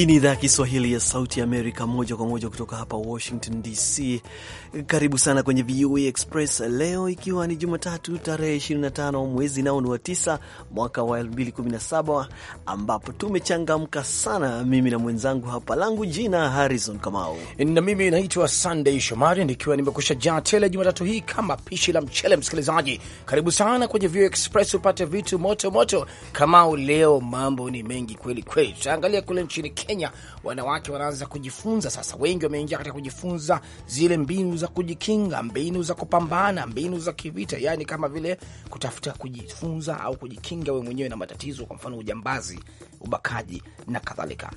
Hii ni idhaa ya Kiswahili ya Sauti ya Amerika, moja kwa moja kutoka hapa Washington DC. Karibu sana kwenye VOA Express leo, ikiwa ni Jumatatu tarehe 25 mwezi nao ni wa 9 mwaka wa 2017 ambapo tumechangamka sana, mimi na mwenzangu hapa, langu jina Harrison Kamau na mimi naitwa Sunday Shomari, nikiwa nimekusha jaa tele Jumatatu hii kama pishi la mchele. Msikilizaji, karibu sana kwenye VOA Express upate vitu moto moto. Kamau, leo mambo ni mengi kweli kweli, tutaangalia kule nchini Kenya wanawake wanaanza kujifunza sasa, wengi wameingia katika kujifunza zile mbinu za kujikinga, mbinu za kupambana, mbinu za kivita, yani kama vile kutafuta kujifunza au kujikinga we mwenyewe na matatizo, kwa mfano ujambazi, ubakaji na kadhalika.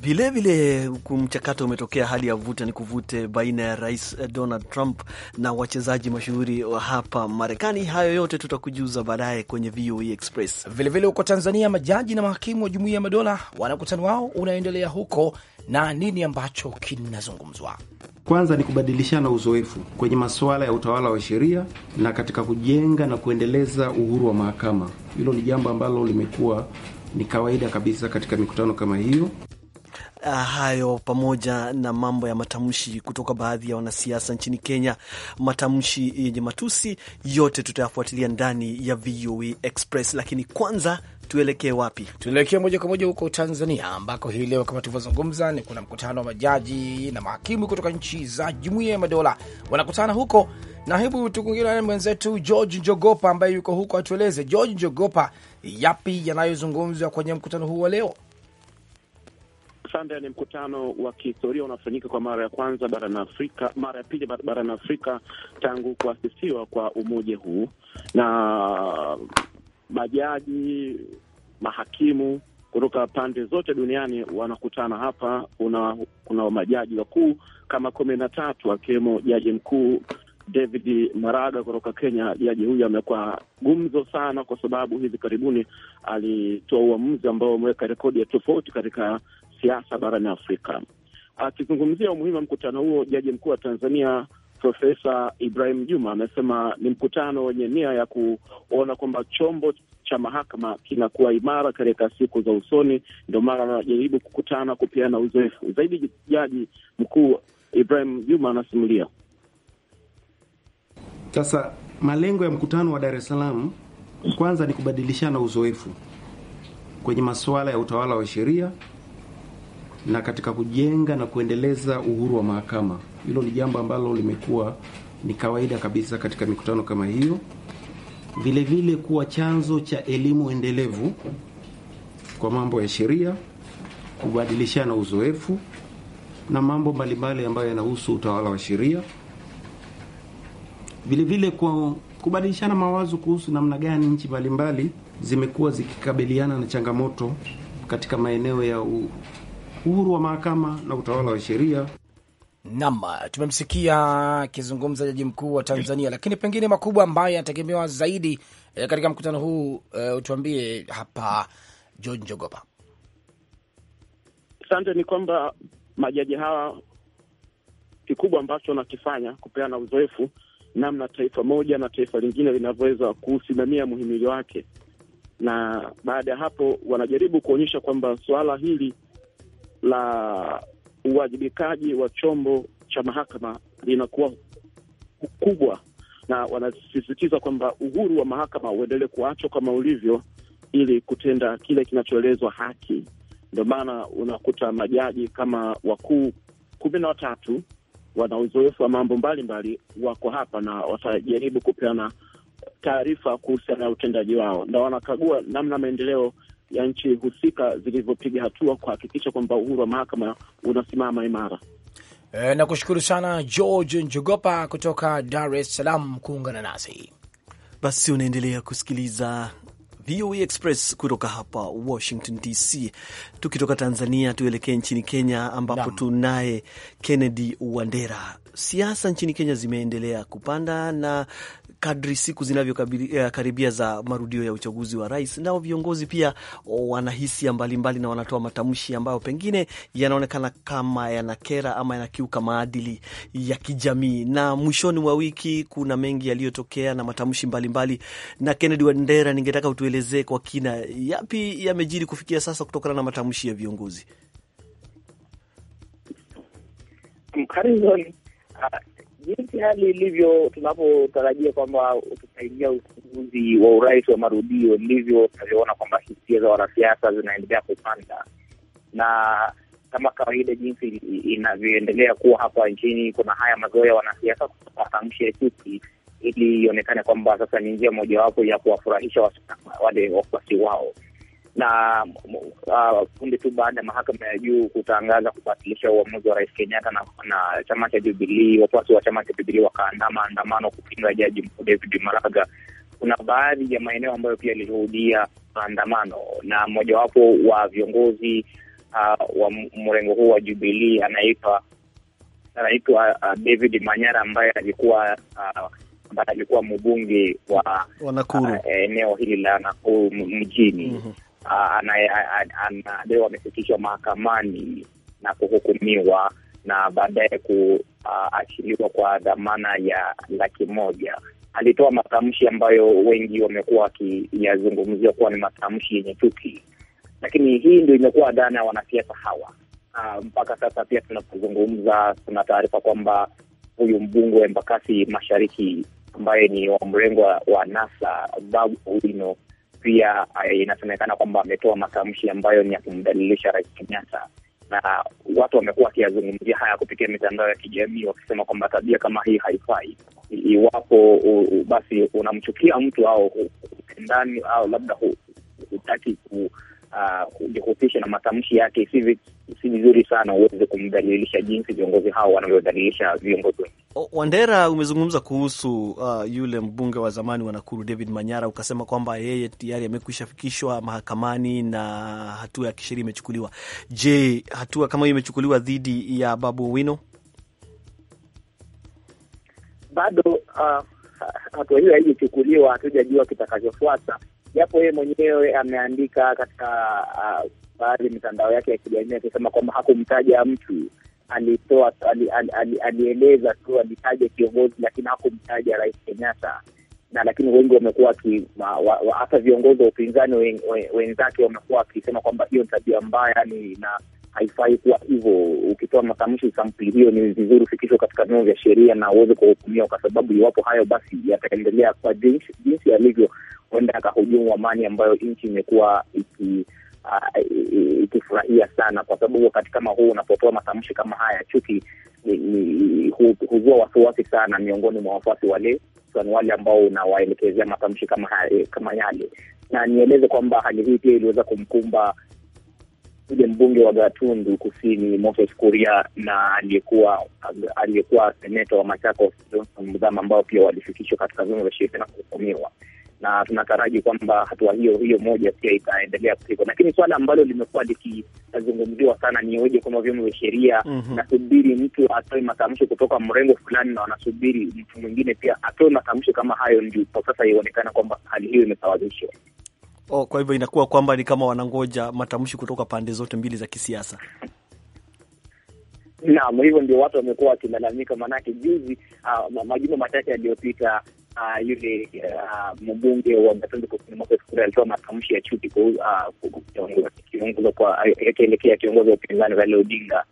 Vilevile mchakato umetokea hali ya vuta ni kuvute baina ya Rais Donald Trump na wachezaji mashuhuri wa hapa Marekani. Hayo yote tutakujuza baadaye kwenye VOA e Express. Vilevile huko Tanzania, majaji na mahakimu wa jumuia ya Madola wana wao unaendelea huko, na nini ambacho kinazungumzwa? Kwanza ni kubadilishana uzoefu kwenye masuala ya utawala wa sheria na katika kujenga na kuendeleza uhuru wa mahakama. Hilo ni jambo ambalo limekuwa ni kawaida kabisa katika mikutano kama hiyo. Ah, hayo pamoja na mambo ya matamshi kutoka baadhi ya wanasiasa nchini Kenya, matamshi yenye matusi, yote tutayafuatilia ndani ya VOA e Express. Lakini kwanza tuelekee wapi? Tuelekee moja kwa moja huko Tanzania, ambako hii leo kama tulivyozungumza ni kuna mkutano wa majaji na mahakimu kutoka nchi za Jumuiya ya Madola wanakutana huko, na hebu tukuingie na mwenzetu George Njogopa ambaye yuko huko, atueleze George Njogopa, yapi yanayozungumzwa kwenye mkutano huu wa leo? Sande, ni mkutano wa kihistoria unaofanyika kwa mara ya kwanza barani Afrika, mara ya pili barani Afrika tangu kuasisiwa kwa, kwa umoja huu, na majaji mahakimu kutoka pande zote duniani wanakutana hapa. Kuna, kuna majaji wakuu kama kumi na tatu akiwemo jaji mkuu David Maraga kutoka Kenya. Jaji huyu amekuwa gumzo sana, kwa sababu hivi karibuni alitoa uamuzi ambao umeweka rekodi ya tofauti katika kisiasa barani Afrika. Akizungumzia umuhimu wa mkutano huo, jaji mkuu wa Tanzania Profesa Ibrahim Juma amesema ni mkutano wenye nia ya kuona kwamba chombo cha mahakama kinakuwa imara katika siku za usoni. Ndio maana anajaribu kukutana, kupeana uzoefu zaidi. Jaji mkuu Ibrahim Juma anasimulia. Sasa malengo ya mkutano wa Dar es Salaam kwanza ni kubadilishana uzoefu kwenye masuala ya utawala wa sheria na katika kujenga na kuendeleza uhuru wa mahakama. Hilo ni jambo ambalo limekuwa ni kawaida kabisa katika mikutano kama hiyo. Vile vile kuwa chanzo cha elimu endelevu kwa mambo ya sheria, kubadilishana uzoefu na mambo mbalimbali ambayo yanahusu utawala wa sheria. Vile vile kwa kubadilishana mawazo kuhusu namna gani nchi mbalimbali zimekuwa zikikabiliana na changamoto katika maeneo ya u uhuru wa mahakama na utawala wa sheria. Nam, tumemsikia akizungumza jaji mkuu wa Tanzania, lakini pengine makubwa ambayo yanategemewa zaidi eh, katika mkutano huu eh, utuambie hapa George Njogopa. Asante. Ni kwamba majaji hawa kikubwa ambacho wanakifanya kupeana uzoefu namna taifa moja na taifa lingine linavyoweza kusimamia muhimili wake, na baada ya hapo wanajaribu kuonyesha kwamba suala hili la uwajibikaji wa chombo cha mahakama linakuwa kubwa, na wanasisitiza kwamba uhuru wa mahakama uendelee kuachwa kama ulivyo, ili kutenda kile kinachoelezwa haki. Ndio maana unakuta majaji kama wakuu kumi na watatu wana uzoefu wa mambo mbalimbali, wako hapa na watajaribu kupeana taarifa kuhusiana na utendaji wao, na wanakagua namna maendeleo ya nchi husika zilivyopiga hatua kuhakikisha kwamba uhuru wa mahakama unasimama imara. E, eh, na kushukuru sana George Njogopa kutoka Dar es Salaam kuungana nasi. Basi unaendelea kusikiliza VOA e Express kutoka hapa Washington DC. Tukitoka Tanzania tuelekee nchini Kenya ambapo tunaye Kennedy Wandera. Siasa nchini Kenya zimeendelea kupanda na kadri siku zinavyokaribia eh, za marudio ya uchaguzi wa rais, nao viongozi pia wanahisia mbalimbali na wanatoa matamshi ambayo pengine yanaonekana kama yanakera ama yanakiuka maadili ya kijamii. Na mwishoni mwa wiki kuna mengi yaliyotokea na matamshi mbalimbali. Na Kennedy Wandera, ningetaka utuelezee kwa kina yapi yamejiri kufikia sasa kutokana na matamshi ya viongozi. Uh, jinsi hali ilivyo, tunapotarajia kwamba tutaingia uchaguzi wa urais wa marudio, ndivyo tunavyoona kwamba hisia za wanasiasa zinaendelea kupanda, na kama kawaida, jinsi inavyoendelea kuwa hapa nchini, kuna haya mazoea ya wanasiasa watamshi chuki ili ionekane kwamba sasa ni njia mojawapo ya kuwafurahisha wale wafuasi wao na uh, tu baada ya mahakama ya juu kutangaza kubatilisha uamuzi wa Rais Kenyatta na, na chama cha Jubilii, wafuasi wa chama cha Jubilii wakaandaa maandamano kupinga jaji mkuu David Maraga. Kuna baadhi ya maeneo ambayo pia yalishuhudia maandamano na mmojawapo wa viongozi uh, wa mrengo huu wa Jubilii anaitwa anaitwa uh, David Manyara ambaye alikuwa uh, ambaye alikuwa mbunge wa, wa uh, eneo hili la Nakuru mjini. mm -hmm leo amefikishwa mahakamani na kuhukumiwa na baadaye kuachiliwa kwa dhamana ya laki moja. Alitoa matamshi ambayo wengi wamekuwa wakiyazungumzia kuwa ni matamshi yenye chuki, lakini hii ndio imekuwa dhana ya wanasiasa hawa. mpaka sasa pia tunapozungumza kuna taarifa kwamba huyu mbunge wa Embakasi Mashariki ambaye ni wa mrengo wa NASA Babu Owino pia eh, inasemekana kwamba ametoa matamshi ambayo ni ya kumdalilisha Rais Kenyatta, na watu wamekuwa wakiyazungumzia haya kupitia mitandao ya kijamii wakisema kwamba tabia kama hii haifai. Iwapo basi unamchukia mtu au hutendani au labda hutaki kujihusisha uh, na matamshi yake, si vizuri sana uweze kumdhalilisha jinsi viongozi hao wanavyodhalilisha viongozi wengi. Wandera, umezungumza kuhusu uh, yule mbunge wa zamani wa Nakuru David Manyara, ukasema kwamba yeye tayari amekwisha fikishwa mahakamani na hatua ya kisheria imechukuliwa. Je, hatua kama hiyo imechukuliwa dhidi ya Babu Owino? Bado uh, hatua hiyo haijachukuliwa, hatujajua kitakachofuata japo yeye mwenyewe ameandika katika uh, baadhi ya mitandao yake ya kijamii akisema kwamba hakumtaja mtu alitoa ali, ali, ali, alieleza tu alitaja kiongozi, lakini hakumtaja Rais Kenyatta na lakini wengi wamekuwa hata viongozi wa upinzani wenzake wamekuwa wakisema kwamba hiyo ni tabia mbaya, ni na haifai kuwa hivyo. Ukitoa matamshi sampuli hiyo, ni vizuri ufikishwe katika vyombo vya sheria na uweze kuhukumiwa, kwa sababu iwapo hayo basi yataendelea kwa jinsi, jinsi yalivyo, huenda akahujumu amani ambayo nchi imekuwa iki Uh, ikifurahia sana kwa sababu wakati kama huu unapotoa matamshi kama haya chuki huzua wasiwasi sana miongoni mwa wafuasi wale ni wale ambao unawaelekezea matamshi kama haya, kama yale, na nieleze kwamba hali hii pia iliweza kumkumba kuja mbunge wa Gatundu Kusini Moses Kuria na aliyekuwa aliyekuwa seneta wa Machakos Johnson Mdhama, ambao pia walifikishwa katika vyombo vya sheria na kuhukumiwa, na tunataraji kwamba hatua hiyo hiyo moja pia itaendelea kupigwa. Lakini swala ambalo limekuwa likizungumziwa sana ni weje kwamba vyombo vya sheria mm -hmm. nasubiri mtu atoe matamshi kutoka mrengo fulani na wanasubiri mtu mwingine pia atoe matamshi kama hayo, ndipo sasa ionekana kwamba hali hiyo imesawazishwa. Oh, kwa hivyo inakuwa kwamba ni kama wanangoja matamshi kutoka pande zote mbili za kisiasa. Naam, hivyo ndio watu wamekuwa wakilalamika, maanake juzi, uh, majuma machache yaliyopita Uh, yule uh, mbunge wa Gatundu Kusini Moses Kuria alitoa matamshi ya chuki akielekea kiongozi wa upinzani Raila Odinga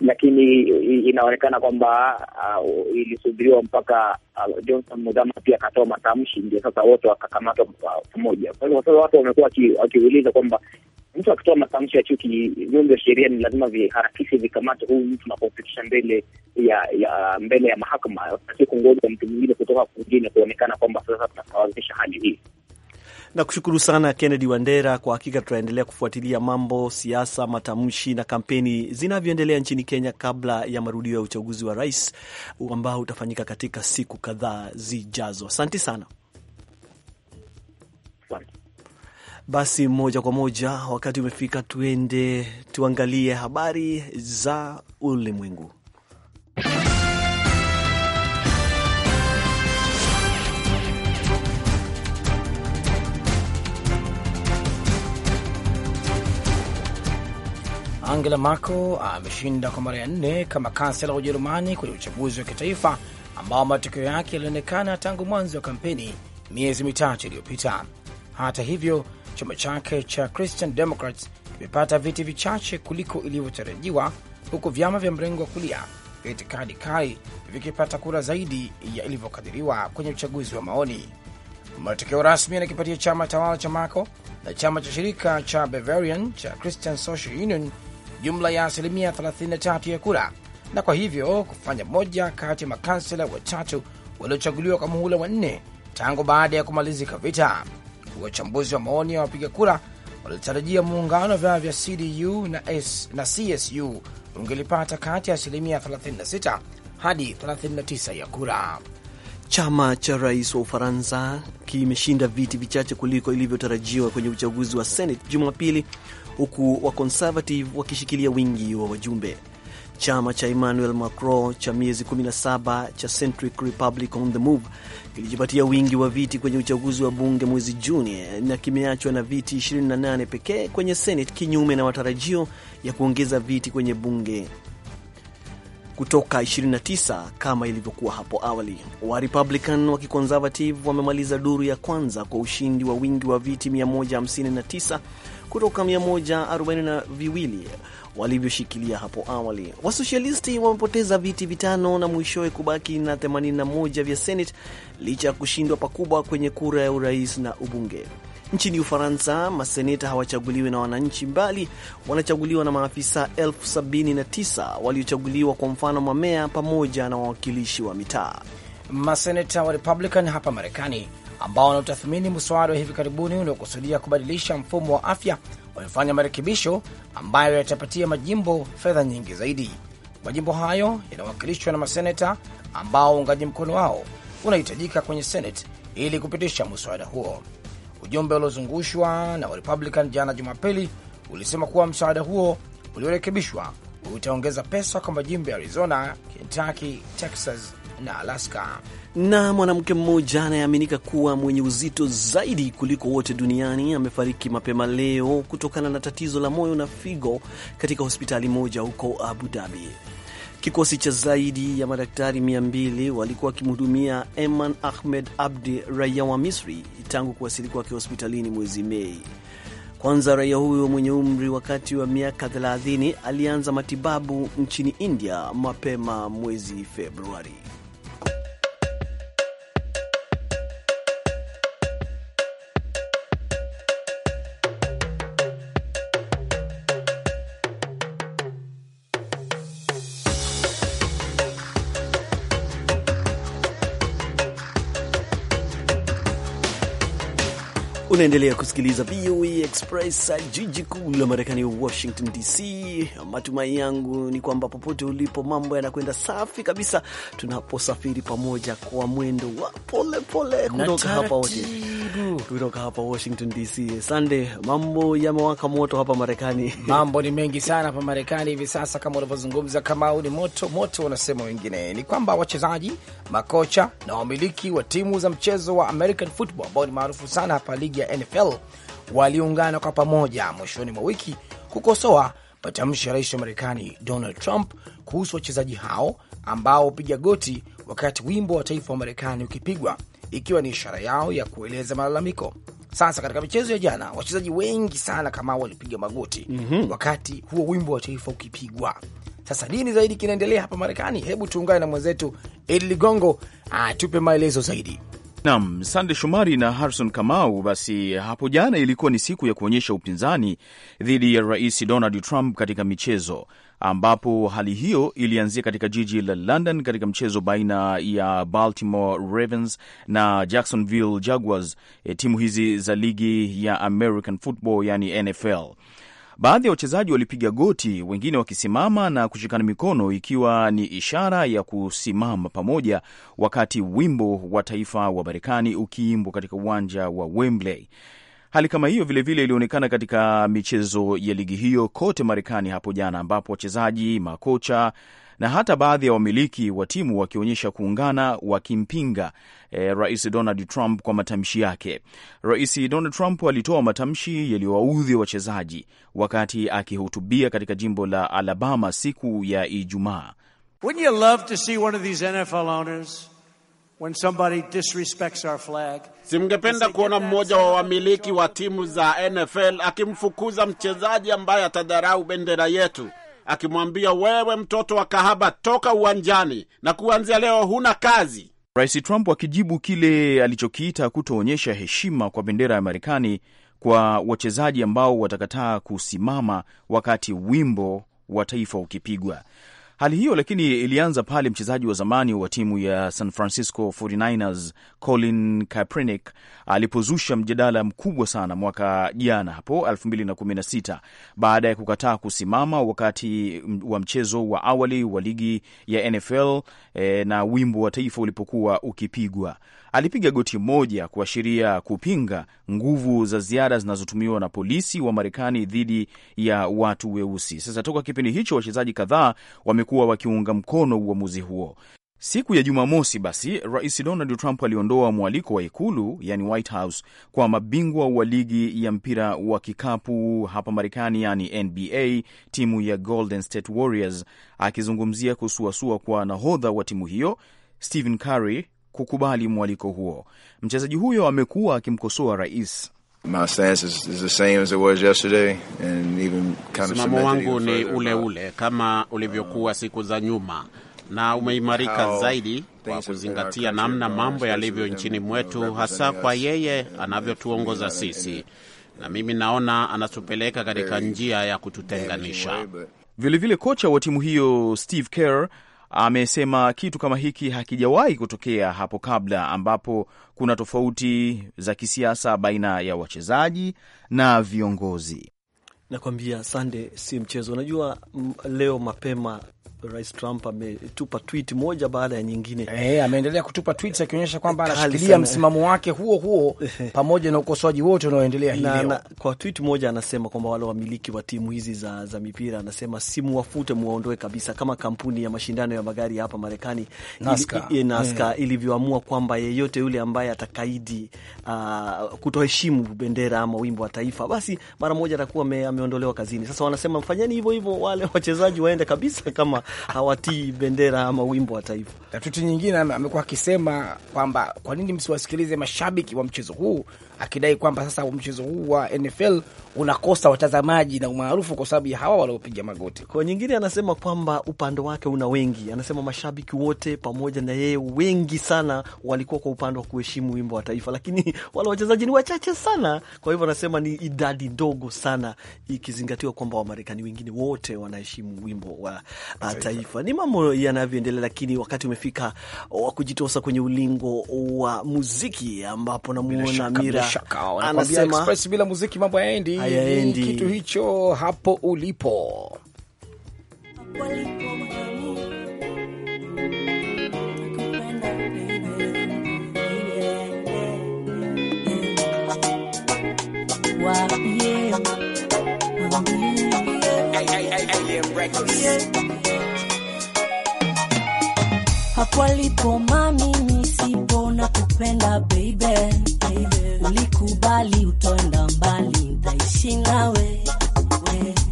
lakini inaonekana kwamba uh, ilisubiriwa mpaka uh, Johnson Mudhama pia akatoa matamshi, ndio sasa wote wakakamatwa pamoja. Kwa hivyo sasa watu wamekuwa wakiuliza kwamba mtu akitoa matamshi ya chuki, vyombo vya sheria ni lazima viharakishe vikamate huyu mtu unapofikisha mbele ya ya mbele ya mahakama, si kungoja mtu mwingine kutoka kwingine kuonekana kwamba sasa tunasawazisha hali hii. Nakushukuru sana Kennedy Wandera. Kwa hakika tutaendelea kufuatilia mambo siasa, matamshi na kampeni zinavyoendelea nchini Kenya kabla ya marudio ya uchaguzi wa rais ambao utafanyika katika siku kadhaa zijazo. Asante sana. Basi moja kwa moja wakati umefika, tuende tuangalie habari za ulimwengu. Angela Merkel ameshinda kwa mara ya nne kama kansela wa Ujerumani kwenye uchaguzi wa kitaifa ambao matokeo yake yalionekana tangu mwanzo wa kampeni miezi mitatu iliyopita. Hata hivyo, chama chake cha Christian Democrats kimepata viti vichache kuliko ilivyotarajiwa, huku vyama vya mrengo wa kulia vya itikadi kali vikipata kura zaidi ya ilivyokadiriwa kwenye uchaguzi wa maoni. Matokeo rasmi yanakipatia chama tawala cha Merkel na chama cha shirika cha Bavarian cha Christian Social Union jumla ya asilimia 33 ya kura na kwa hivyo kufanya moja kati ya makansela watatu waliochaguliwa kwa muhula wa nne tangu baada ya kumalizika vita. Wachambuzi wa maoni ya wapiga kura walitarajia muungano wa vyama vya CDU na, S, na CSU ungelipata kati ya asilimia 36 hadi 39 ya kura. Chama cha rais wa Ufaransa kimeshinda viti vichache kuliko ilivyotarajiwa kwenye uchaguzi wa Senate Jumapili, huku wa Conservative wakishikilia wingi wa wajumbe. Chama cha Emmanuel Macron cha miezi 17 cha Centric Republic on the Move kilijipatia wingi wa viti kwenye uchaguzi wa bunge mwezi Juni na kimeachwa na viti 28 pekee kwenye Senate, kinyume na matarajio ya kuongeza viti kwenye bunge kutoka 29 kama ilivyokuwa hapo awali. Wa Republican wa kiconservative wamemaliza duru ya kwanza kwa ushindi wa wingi wa viti 159 kutoka 142 walivyoshikilia hapo awali. wasosialisti wamepoteza viti vitano na mwishowe kubaki na 81 vya Senate licha ya kushindwa pakubwa kwenye kura ya urais na ubunge. Nchini Ufaransa, maseneta hawachaguliwi na wananchi, mbali wanachaguliwa na maafisa elfu sabini na tisa waliochaguliwa kwa mfano mamea pamoja na wawakilishi wa mitaa. Maseneta wa Republican hapa Marekani ambao wanaotathmini mswada wa hivi karibuni unaokusudia kubadilisha mfumo wa afya wamefanya marekebisho ambayo yatapatia majimbo fedha nyingi zaidi. Majimbo hayo yanawakilishwa na maseneta ambao uungaji mkono wao unahitajika kwenye Senate ili kupitisha mswada huo. Ujumbe uliozungushwa na Warepublican jana Jumapili ulisema kuwa msaada huo uliorekebishwa utaongeza pesa kwa majimbo ya Arizona, Kentucky, Texas na Alaska. Na mwanamke mmoja anayeaminika kuwa mwenye uzito zaidi kuliko wote duniani amefariki mapema leo kutokana na tatizo la moyo na figo katika hospitali moja huko Abu Dhabi. Kikosi cha zaidi ya madaktari 200 walikuwa wakimhudumia Eman Ahmed Abdi, raia wa Misri, tangu kuwasili kwake hospitalini mwezi Mei. Kwanza raia huyo mwenye umri wakati wa miaka 30 alianza matibabu nchini India mapema mwezi Februari. Unaendelea kusikiliza VOA Express, jiji kuu la Marekani, Washington DC. Matumai yangu ni kwamba popote ulipo, mambo yanakwenda safi kabisa, tunaposafiri pamoja kwa mwendo wa polepole kutoka hapa kutoka hapa Washington DC. Sande, mambo yamewaka moto hapa Marekani. Mambo ni mengi sana hapa Marekani hivi sasa, kama unavyozungumza, kama au ni moto moto. Wanasema wengine ni kwamba wachezaji, makocha na wamiliki wa timu za mchezo wa American football ambao ni maarufu sana hapa ligi ligi ya NFL waliungana kwa pamoja mwishoni mwa wiki kukosoa matamshi ya rais wa Marekani Donald Trump kuhusu wachezaji hao ambao hupiga goti wakati wimbo wa taifa wa Marekani ukipigwa ikiwa ni ishara yao ya kueleza malalamiko. Sasa katika michezo ya jana, wachezaji wengi sana kama walipiga magoti mm -hmm. wakati huo wimbo wa taifa ukipigwa. Sasa nini zaidi kinaendelea hapa Marekani? Hebu tuungane na mwenzetu Edi Ligongo atupe maelezo zaidi. Nam Sande Shomari na Harrison Kamau. Basi hapo jana ilikuwa ni siku ya kuonyesha upinzani dhidi ya Rais Donald Trump katika michezo, ambapo hali hiyo ilianzia katika jiji la London katika mchezo baina ya Baltimore Ravens na Jacksonville Jaguars, eh, timu hizi za ligi ya American Football yani NFL. Baadhi ya wachezaji walipiga goti, wengine wakisimama na kushikana mikono, ikiwa ni ishara ya kusimama pamoja wakati wimbo wa taifa wa Marekani ukiimbwa katika uwanja wa Wembley. Hali kama hiyo vilevile ilionekana vile katika michezo ya ligi hiyo kote Marekani hapo jana, ambapo wachezaji, makocha na hata baadhi ya wamiliki wa timu wakionyesha kuungana wakimpinga e, Rais Donald Trump kwa matamshi yake. Rais Donald Trump alitoa matamshi yaliyowaudhi wachezaji wakati akihutubia katika jimbo la Alabama siku ya Ijumaa. Wouldn't you love to see one of these NFL owners when somebody disrespects our flag? Simngependa kuona mmoja wa wamiliki wa timu za NFL akimfukuza mchezaji ambaye atadharau bendera yetu akimwambia, wewe mtoto wa kahaba, toka uwanjani na kuanzia leo huna kazi. Rais Trump akijibu kile alichokiita kutoonyesha heshima kwa bendera ya Marekani kwa wachezaji ambao watakataa kusimama wakati wimbo wa taifa ukipigwa. Hali hiyo lakini ilianza pale mchezaji wa zamani wa timu ya San Francisco 49ers Colin Kaepernick alipozusha mjadala mkubwa sana mwaka jana hapo 2016 baada ya kukataa kusimama wakati wa mchezo wa awali wa ligi ya NFL eh, na wimbo wa taifa ulipokuwa ukipigwa alipiga goti moja kuashiria kupinga nguvu za ziada zinazotumiwa na polisi wa Marekani dhidi ya watu weusi. Sasa toka kipindi hicho, wachezaji kadhaa wamekuwa wakiunga mkono uamuzi huo. Siku ya Jumamosi basi, Rais Donald Trump aliondoa mwaliko wa Ikulu, yani White House, kwa mabingwa wa ligi ya mpira wa kikapu hapa Marekani, yani NBA, timu ya Golden State Warriors, akizungumzia kusuasua kwa nahodha wa timu hiyo Stephen Curry kukubali mwaliko huo. Mchezaji huyo amekuwa akimkosoa rais Msimamo wangu ni ule ule kama ulivyokuwa um, siku za nyuma, na umeimarika zaidi kwa kuzingatia namna mambo yalivyo nchini mwetu, hasa kwa yeye anavyotuongoza sisi, na mimi naona anatupeleka katika njia ya kututenganisha. Vilevile vile kocha wa timu hiyo Steve Kerr amesema kitu kama hiki hakijawahi kutokea hapo kabla, ambapo kuna tofauti za kisiasa baina ya wachezaji na viongozi. Nakwambia Sande, si mchezo. Unajua leo mapema Rais Trump ametupa tweet moja baada ya nyingine. E, ameendelea kutupa tweets akionyesha kwamba anashikilia msimamo wake huo huo pamoja na ukosoaji wote unaoendelea hii leo. Kwa tweet moja anasema kwamba wale wamiliki wa timu hizi za, za mipira anasema simuwafute muwaondoe kabisa, kama kampuni ya mashindano ya magari ya hapa Marekani NASCAR, ili, NASCAR mm, ilivyoamua kwamba yeyote yule ambaye atakaidi uh, kutoheshimu bendera ama wimbo wa taifa basi mara moja atakuwa wameondolewa kazini. Sasa wanasema mfanyeni hivyo hivyo, wale wachezaji waende kabisa kama hawatii bendera ama wimbo wa taifa. Na nyingine amekuwa akisema kwamba kwa nini msiwasikilize mashabiki wa mchezo huu akidai kwamba sasa mchezo huu wa NFL unakosa watazamaji na umaarufu kwa sababu ya hawa waliopiga magoti. Kwa nyingine, anasema kwamba upande wake una wengi, anasema mashabiki wote pamoja na yeye wengi sana walikuwa kwa upande wa kuheshimu wimbo wa taifa, lakini wale wachezaji ni wachache sana. Kwa hivyo anasema ni idadi ndogo sana ikizingatiwa kwamba Wamarekani wengine wote wanaheshimu wimbo wa uh, taifa. Ni mambo yanavyoendelea, lakini wakati umefika wa kujitosa kwenye ulingo wa muziki, ambapo namuona Mira shaka anasema express bila muziki mambo hayaendi, hayaendi. Kitu hicho hapo ulipo hapo alipo mami na kupenda baby, baby. Ulikubali utoenda mbali, ntaishi nawe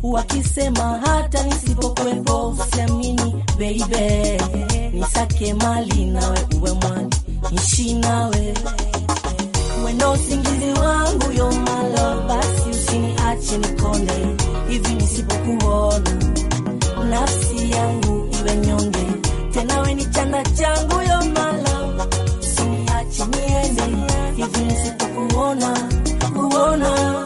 wakisema hata nisipokuwepo usiamini baby, nisake mali nawe uwe mwani nishi nawe wendo usingizi wangu yo yomalo, basi usiniache nikonde hivi nisipokuona, nafsi yangu iwe nyonge tena, we ni chanda changu yo yoma ni jinsi kukuona kuona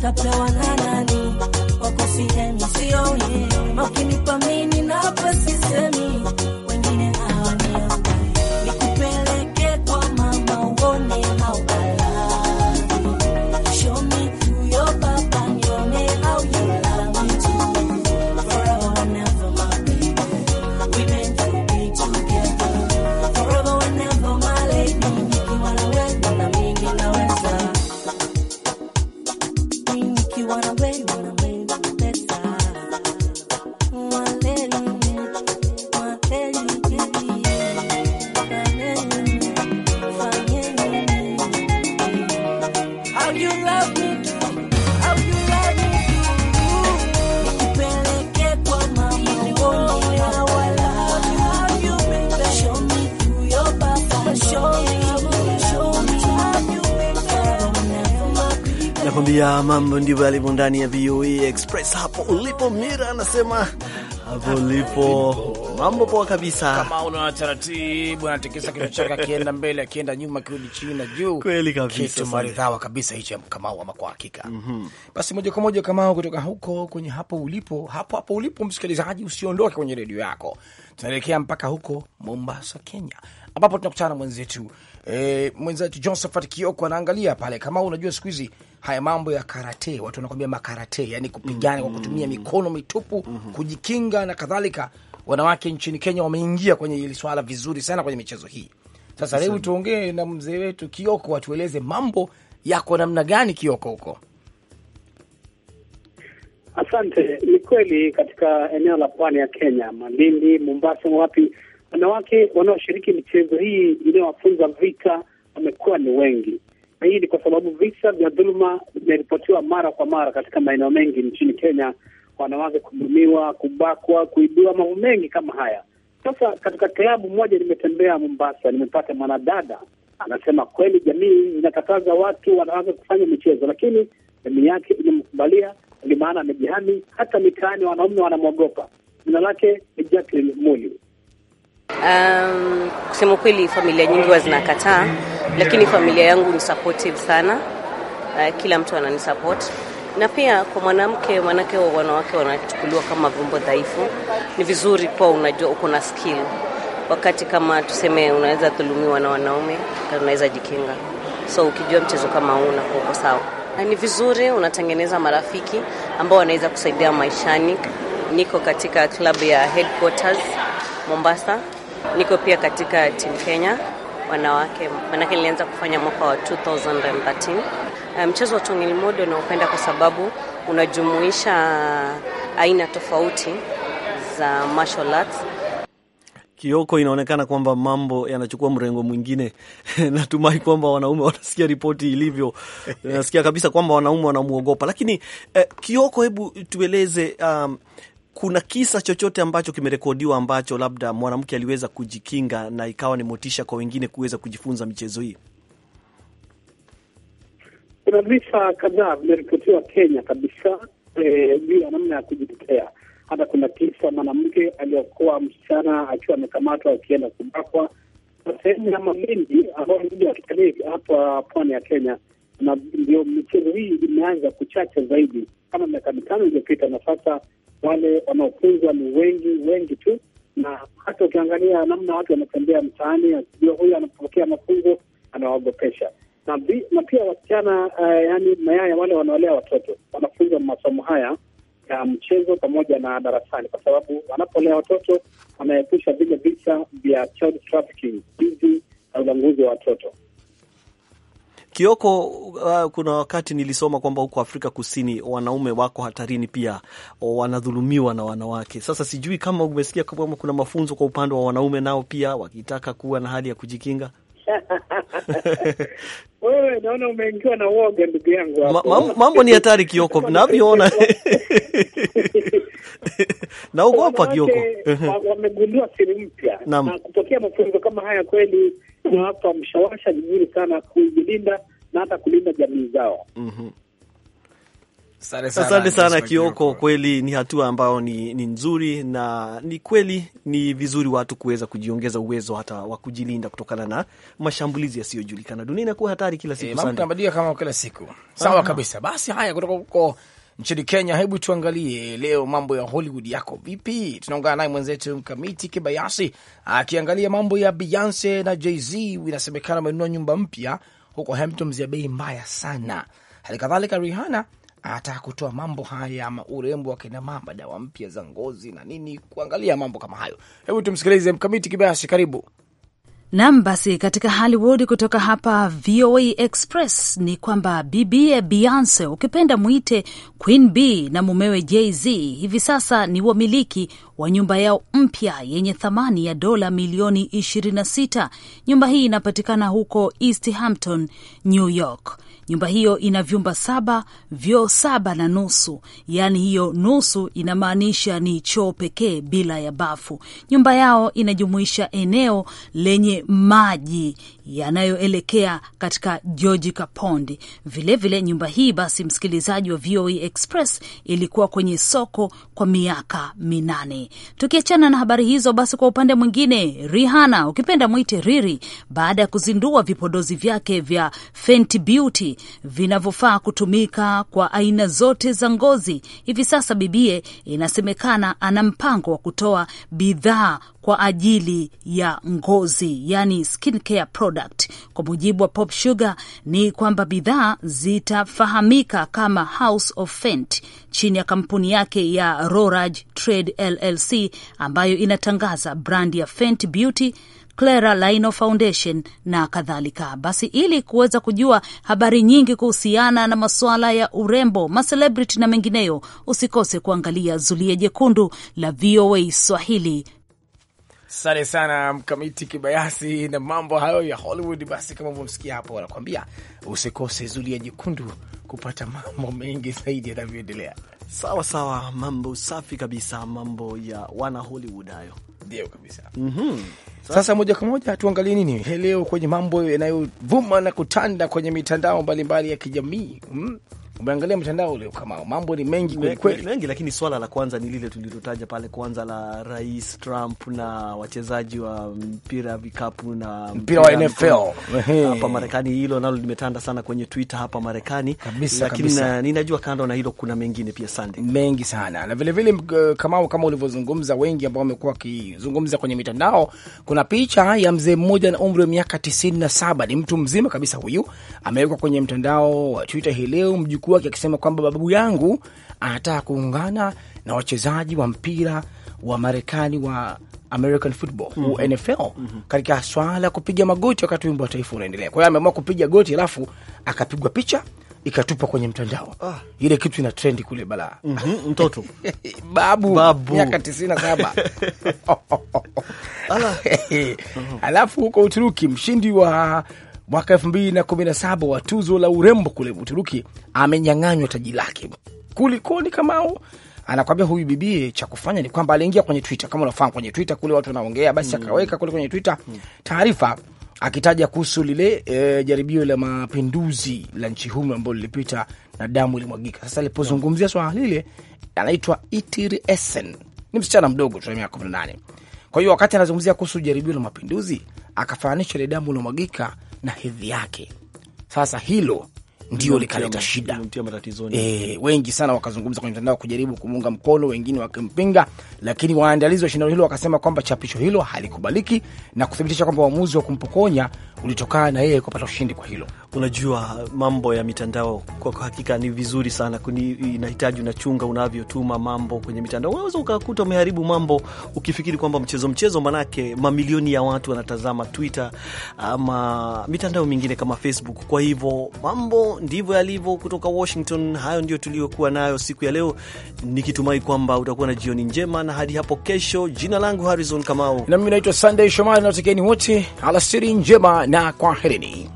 utapewa na nani? mambo ndivyo yalivyo ndani ya VOA e Express. Hapo ulipo Mira anasema hapo ulipo mambo poa kabisa, kama una taratibu anatikisa kitu chake akienda mbele akienda nyuma kirudi chini na juu, kweli kabisa, kitu maridhawa kabisa hicho Kamau, ama kwa hakika. mm -hmm. Basi moja kwa moja Kamau kutoka huko kwenye hapo ulipo, hapo hapo ulipo msikilizaji, usiondoke kwenye redio yako, tunaelekea mpaka huko Mombasa, Kenya ambapo tunakutana na mwenzetu eh, mwenzetu Josephat Kioko anaangalia pale. Kama unajua siku hizi haya mambo ya karate, watu wanakwambia makarate, yani kupigana mm -hmm. kwa kutumia mm. mikono mitupu mm -hmm. kujikinga na kadhalika. Wanawake nchini Kenya wameingia kwenye hili swala vizuri sana kwenye michezo hii. Sasa leo tuongee na mzee wetu Kioko, atueleze mambo yako namna gani, Kioko huko. Asante. Ni kweli katika eneo la pwani ya Kenya, Malindi, Mombasa, wapi, wanawake wanaoshiriki michezo hii inayowafunza vita wamekuwa ni wengi. Hii ni kwa sababu visa vya dhuluma vimeripotiwa mara kwa mara katika maeneo mengi nchini Kenya, wanawake kudumiwa kubakwa, kuibiwa, mambo mengi kama haya. Sasa katika klabu moja nimetembea Mombasa, nimepata mwanadada anasema kweli jamii inakataza watu wanawake kufanya michezo, lakini jamii yake imemkubalia, ndio maana amejihami. Hata mitaani wanaume wanamwogopa. Jina lake ni Jacqueline Muli. Um, kusema kweli familia nyingi huwa zinakataa, lakini familia yangu ni supportive sana. Uh, kila mtu ananisupport na pia kwa mwanamke, wa wanawake wanachukuliwa kama vyombo dhaifu. Ni vizuri kuwa unajua uko na skill, wakati kama tuseme unaweza dhulumiwa na wanaume, unaweza jikinga. So ukijua mchezo kama huu unakuwa uko sawa, na ni vizuri unatengeneza marafiki ambao wanaweza kusaidia maishani. Niko katika klabu ya Headquarters Mombasa. Niko pia katika timu Kenya wanawake, manake nilianza kufanya mwaka wa 2013. Eh, mchezo wa tungilimodo naupenda kwa sababu unajumuisha aina tofauti za martial arts. Kioko, inaonekana kwamba mambo yanachukua mrengo mwingine. Natumai kwamba wanaume wanasikia ripoti ilivyo. Nasikia kabisa kwamba wanaume wanamwogopa, lakini eh, Kioko, hebu tueleze um, kuna kisa chochote ambacho kimerekodiwa ambacho labda mwanamke aliweza kujikinga na ikawa ni motisha kwa wengine kuweza kujifunza michezo hii? Kuna visa kadhaa vimeripotiwa Kenya kabisa eh, juu ya namna ya kujitetea. Hata kuna kisa mwanamke aliyokuwa msichana akiwa amekamatwa akienda kubakwa na sehemu ya Malindi ambayo mji wa kitalii hapa pwani ya Kenya, na ndio michezo hii imeanza kuchacha zaidi kama miaka mitano iliyopita, na sasa wale wanaofunzwa ni wengi wengi tu, na hata ukiangalia namna watu wanatembea mtaani, asijua huyu anapokea mafunzo anawaogopesha. Na, na pia wasichana uh, yani mayaya wale wanaolea watoto wanafunzwa masomo haya ya mchezo pamoja na darasani, kwa sababu wanapolea watoto wanaepusha vile visa vya child trafficking, na ulanguzi wa watoto. Kioko, uh, kuna wakati nilisoma kwamba huko Afrika Kusini wanaume wako hatarini pia, wanadhulumiwa na wanawake. Sasa sijui kama umesikia kama kuna mafunzo kwa upande wa wanaume nao pia wakitaka kuwa na hali ya kujikinga. Wewe naona umeingiwa na woga ndugu yangu mambo ni hatari Kioko, vinavyoona na Kioko, wamegundua siri mpya na kupokea mafunzo kama haya kweli nawapa mshawasha vizuri sana kujilinda na hata kulinda jamii zao. mm -hmm. Asante sana Kioko, kweli ni hatua ambayo ni, ni nzuri na ni kweli ni vizuri watu kuweza kujiongeza uwezo hata wa kujilinda kutokana na mashambulizi yasiyojulikana. Dunia inakuwa hatari kila siku e, kama kila siku. Sawa kabisa. Basi haya kutoka huko nchini Kenya. Hebu tuangalie leo mambo ya Hollywood yako vipi? Tunaungana naye mwenzetu Mkamiti Kibayasi akiangalia mambo ya Beyonce na Jay-Z. Inasemekana amenunua nyumba mpya huko Hamptons ya bei mbaya sana. Hali kadhalika Rihanna anataka kutoa mambo haya ama urembo wa kina mama, dawa mpya za ngozi na nini, kuangalia mambo kama hayo. Hebu tumsikilize Mkamiti Kibayasi, karibu. Nam, basi katika Hollywood kutoka hapa VOA Express ni kwamba bibie Beyonce, ukipenda mwite Queen B, na mumewe Jay-Z hivi sasa ni wamiliki wa nyumba yao mpya yenye thamani ya dola milioni 26. Nyumba hii inapatikana huko East Hampton, New York. Nyumba hiyo ina vyumba saba, vyoo saba na nusu, yaani hiyo nusu inamaanisha ni choo pekee bila ya bafu. Nyumba yao inajumuisha eneo lenye maji yanayoelekea katika George Kapondi. Vilevile nyumba hii basi, msikilizaji wa VOA e Express, ilikuwa kwenye soko kwa miaka minane. Tukiachana na habari hizo, basi kwa upande mwingine, Rihanna ukipenda mwite Riri, baada ya kuzindua vipodozi vyake vya Fenty Beauty vinavyofaa kutumika kwa aina zote za ngozi, hivi sasa bibie inasemekana ana mpango wa kutoa bidhaa kwa ajili ya ngozi, yani skin care product. Kwa mujibu wa Pop Sugar ni kwamba bidhaa zitafahamika kama House of Fenty chini ya kampuni yake ya Roraj Trade LLC ambayo inatangaza brandi ya Fenty Beauty Clara Lino Foundation na kadhalika. Basi ili kuweza kujua habari nyingi kuhusiana na masuala ya urembo, macelebrity na mengineyo, usikose kuangalia zulia jekundu la VOA Swahili Sante sana mkamiti kibayasi na mambo hayo ya Hollywood. Basi kama unavyomsikia hapo, wanakuambia usikose zulia nyekundu kupata mambo mengi zaidi yanavyoendelea. Sawa sawa, mambo safi kabisa, mambo ya wana Hollywood hayo ndio kabisa. mm -hmm. Sasa moja kwa moja tuangalie nini leo kwenye mambo yanayovuma na kutanda kwenye mitandao mbalimbali ya kijamii mm? umeangalia mtandao ule kama mambo ni mengi kweli kweli, mengi, lakini swala la kwanza ni lile tulilotaja pale kwanza la Rais Trump na wachezaji wa mpira vikapu na mpira wa NFL hapa Marekani. Hilo nalo limetanda sana kwenye Twitter hapa Marekani kabisa, lakini kabisa. Ninajua kando na hilo kuna mengine pia sande mengi sana na vile vile, eh, kama kama ulivyozungumza, wengi ambao wamekuwa wakizungumza kwenye mitandao, kuna picha ya mzee mmoja na umri wa miaka 97 ni mtu mzima kabisa, huyu amewekwa kwenye mtandao wa Twitter hii leo mjukuu alikuwa akisema kwamba babu yangu anataka kuungana na wachezaji wa mpira wa Marekani wa American football mm -hmm. NFL mm -hmm. katika swala ya kupiga magoti wakati wimbo wa taifa unaendelea. Kwa hiyo ameamua kupiga goti, alafu akapigwa picha ikatupa kwenye mtandao ah. Ile kitu ina trendi kule bala mm -hmm. mtoto babu, babu. miaka tisini na saba alafu huko Uturuki mshindi wa mwaka elfu mbili na na kumi saba wa tuzo la urembo kule Uturuki amenyang'anywa taji lake. Kulikoni Kamau? Anakwambia huyu bibie, cha kufanya ni kwamba aliingia kwenye Twitter, kama unafahamu kwenye Twitter kule watu wanaongea, basi mm. akaweka kule kwenye Twitter taarifa akitaja kuhusu lile e, jaribio la mapinduzi la nchi humo ambalo lilipita na damu ilimwagika. Sasa alipozungumzia swala lile, anaitwa Itir Esen, ni msichana mdogo tu miaka kumi na nane. Kwa hiyo wakati anazungumzia kuhusu jaribio la mapinduzi, akafananisha ile damu ilomwagika na hedhi yake. Sasa hilo ndio likaleta shida e, wengi sana wakazungumza kwenye mtandao kujaribu kumuunga mkono, wengine wakimpinga, lakini waandalizi wa shindano hilo wakasema kwamba chapisho hilo halikubaliki na kuthibitisha kwamba uamuzi wa kumpokonya ulitokana na yeye kupata ushindi kwa hilo. Unajua mambo ya mitandao kwa hakika ni vizuri sana inahitaji unachunga unavyotuma mambo kwenye mitandao. Unaweza ukakuta umeharibu mambo ukifikiri kwamba mchezo mchezo, manake mamilioni ya watu wanatazama Twitter ama mitandao mingine kama Facebook. Kwa hivyo mambo ndivyo yalivyo kutoka Washington. Hayo ndio tuliyokuwa nayo siku ya leo, nikitumai kwamba utakuwa na jioni njema na hadi hapo kesho. Jina langu Harrison Kamau, na mimi naitwa Sunday Shomari, na wote alasiri njema na kwaherini.